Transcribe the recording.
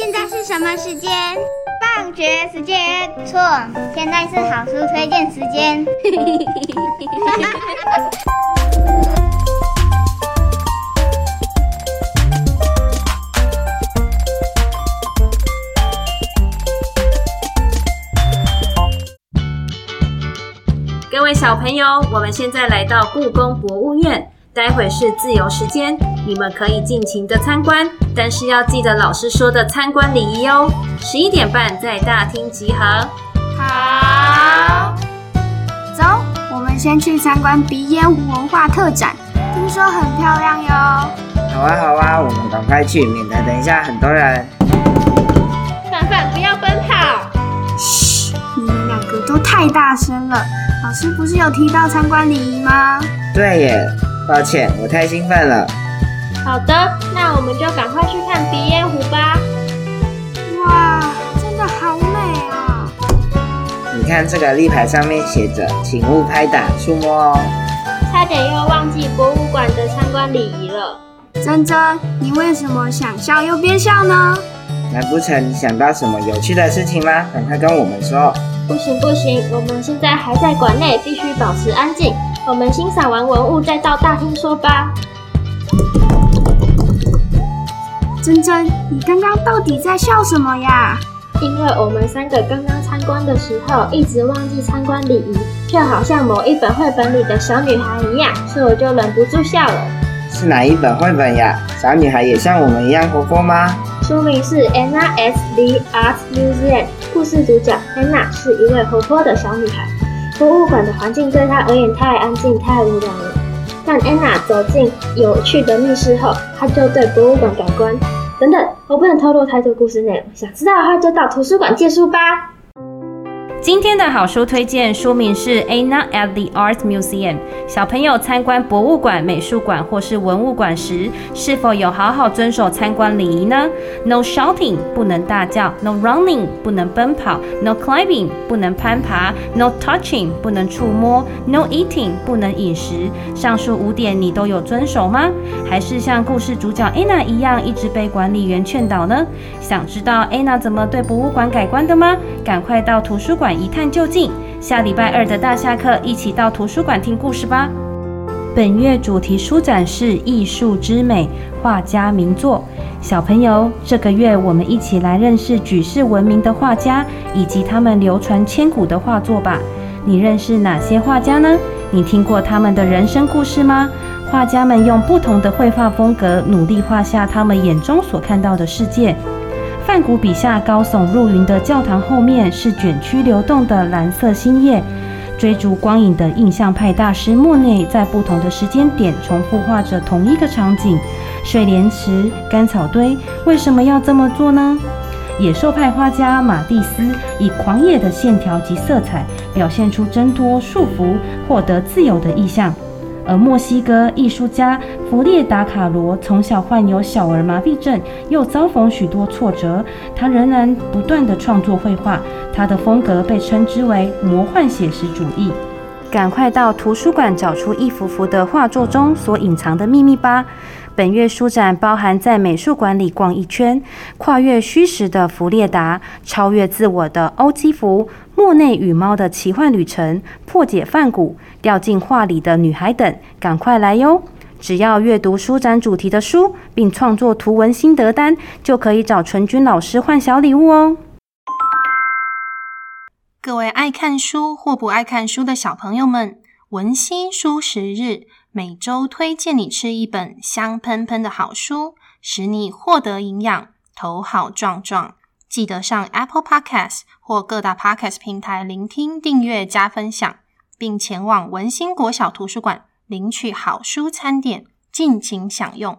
現在是什麼時間？放學時間。錯，現在是好書推薦時間。 各位小朋友，我們現在來到故宮博物院。待會是自由時間，你們可以盡情地參觀，但是要記得老師說的參觀禮儀哦。十一點半在大廳集合。好，走，我們先去參觀鼻煙文化特展，聽說很漂亮喲。好啊好啊，我們趕快去，免得等一下很多人。范范，不要奔跑！噓，你們兩個都太大聲了。老師不是有提到參觀禮儀嗎？對耶。抱歉，我太興奮了。好的，那我們就趕快去看鼻煙壺吧。哇，真的好美啊！你看這個立牌上面寫着“請勿拍打、觸摸哦”。差點又忘記博物館的參觀禮儀了。珍珍，你為什麼想笑又憋笑呢？難不成你想到什麼有趣的事情嗎？趕快跟我們說。不行不行，我們現在還在館內，必須保持安靜。我們欣賞完文物，再到大廳說吧。溱溱，你剛剛到底在笑什麼呀？因為我們三個剛剛參觀的時候，一直忘記參觀禮儀，就好像某一本繪本裡的小女孩一樣，所以我就忍不住笑了。是哪一本繪本呀？小女孩也像我們一樣活潑嗎？書名是 Anna at the Art Museum。故事主角 Anna 是一位活潑的小女孩。博物館的環境對她而言太安靜、太無聊了。但 Anna 走進有趣的密室後，她就對博物館改觀。等等，我不能透露太多故事內容。想知道的話，就到圖書館借書吧。今天的好書推薦，書名是 Anna at the Art Museum。小朋友參觀博物館、美術館或是文物館時，是否有好好遵守參觀禮儀呢？No shouting，不能大叫；No running，不能奔跑；No climbing，不能攀爬；No touching，不能觸摸；No eating，不能飲食。上述五點你都有遵守嗎？還是像故事主角 Anna 一樣，一直被管理員勸導呢？想知道 Anna 怎麼對博物館改觀的嗎？趕快到圖書館一探究竟，下禮拜二的大下課，一起到圖書館聽故事吧。本月主題書展是藝術之美，畫家名作。小朋友，這個月我們一起來認識舉世聞名的畫家以及他們流傳千古的畫作吧。你認識哪些畫家呢？你聽過他們的人生故事嗎？畫家們用不同的繪畫風格，努力畫下他們眼中所看到的世界。梵谷筆下高聳入雲的教堂後面是捲曲流動的藍色星夜，追逐光影的印象派大師莫內，在不同的時間點重複畫着同一個場景。睡蓮池、乾草堆，為什麼要這麼做呢？野獸派畫家馬蒂斯以狂野的線條及色彩，表現出掙脫束縛、獲得自由的意象。而墨西哥藝術家弗列達卡羅從小患有小兒麻痹症，又遭逢許多挫折，他仍然不斷地創作繪畫。他的風格被稱之為魔幻寫實主義。趕快到圖書館找出一幅幅的畫作中所隱藏的秘密吧！本月書展包含在美術館裡逛一圈，跨越虛實的弗列達，超越自我的歐基福。《莫內與貓的奇幻旅程》、《破解梵谷》、《掉進畫裡的女孩》等，趕快來喲！只要閱讀書展主題的書，並創作圖文心得單，就可以找純君老師換小禮物哦。各位愛看書或不愛看書的小朋友們，文心書食日每周推薦你吃一本香噴噴的好書，使你獲得營養，頭好壯壯。記得上 Apple Podcast 或各大 Podcast 平台聆聽、訂閱加分享，並前往文欣國小圖書館領取好書餐點，盡情享用。